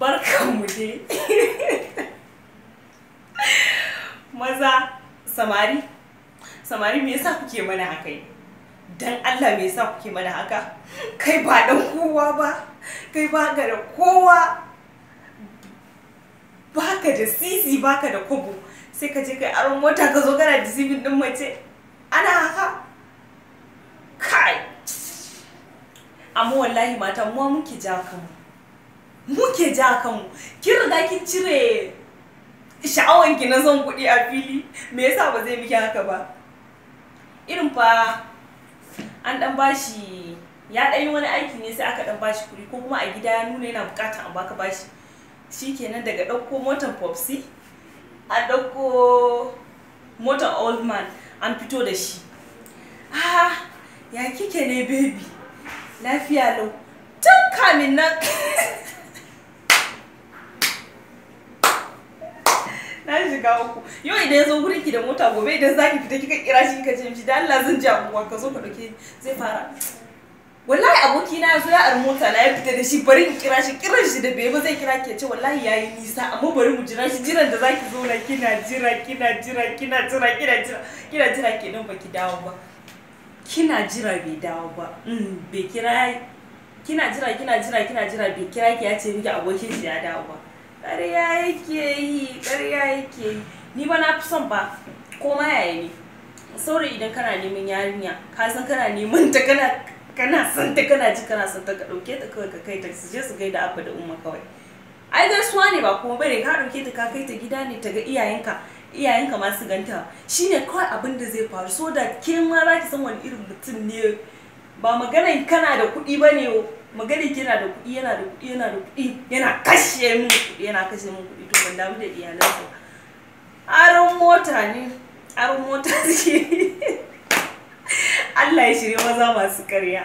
barkanmu dai maza samari samari me yasa kuke mana haka dan Allah me yasa kuke mana haka kai ba dan kowa ba kai ba ga da kowa baka da sisi baka da kobo sai ka je kai aron mota ka zo da sibin din mace ana haka kai amma wallahi mata muwa muke ja kanmu muke ja kanmu kin riga kin cire sha'awan ki na zan kuɗi a fili me yasa ba zai miki haka ba irin fa an dan bashi ya dan yi wani aiki ne sai aka dan bashi kuɗi ko kuma a gida ya nuna yana bukata an baka bashi shikenan daga ɗauko motar popsi a ɗauko motar old man an fito da shi ah ya kike ne baby lafiya lau tun kamin nan na shiga uku yau idan ya zo gurin ki da mota gobe idan zaki fita kika kira shi kika ce mishi da Allah zan ji abuwa ka zo ka dauke zai fara wallahi aboki na zo ya armota na ya fita da shi bari in kira shi kiran shi da bai ba zai kira ki ce wallahi yayi nisa amma bari mu jira shi jiran da zaki zo na kina jira kina jira kina jira kina jira kina jira kenan baki dawo ba kina jira bai dawo ba mm, bai kira kina jira kina jira kina jira bai kira ki ya ce miki abokin shi ya dawo ba ƙarya yake yi ƙarya yake yi ni ba na fi son ba koma yaya ne saurayi idan kana neman yarinya ka san kana neman ta kana kana son ta kana ji kana son ta ka ɗauke ta kawai ka kai ta su je su gaida abba da umma kawai ai gaisuwa ne ba kuma bare ka ɗauke ta ka kai ta gida ne ta ga iyayenka iyayenka ma su ganta ne kawai abin da zai faru so da ke ma za ki san wani irin mutum ne ba maganan kana da kuɗi ba ne magana yana da kuɗi yana da kuɗi yana da kuɗi yana kashe min kuɗi yana kashe min kuɗi to ban damu da iyalansa aron mota ne aron mota suke Allah ya shirya maza masu ƙarya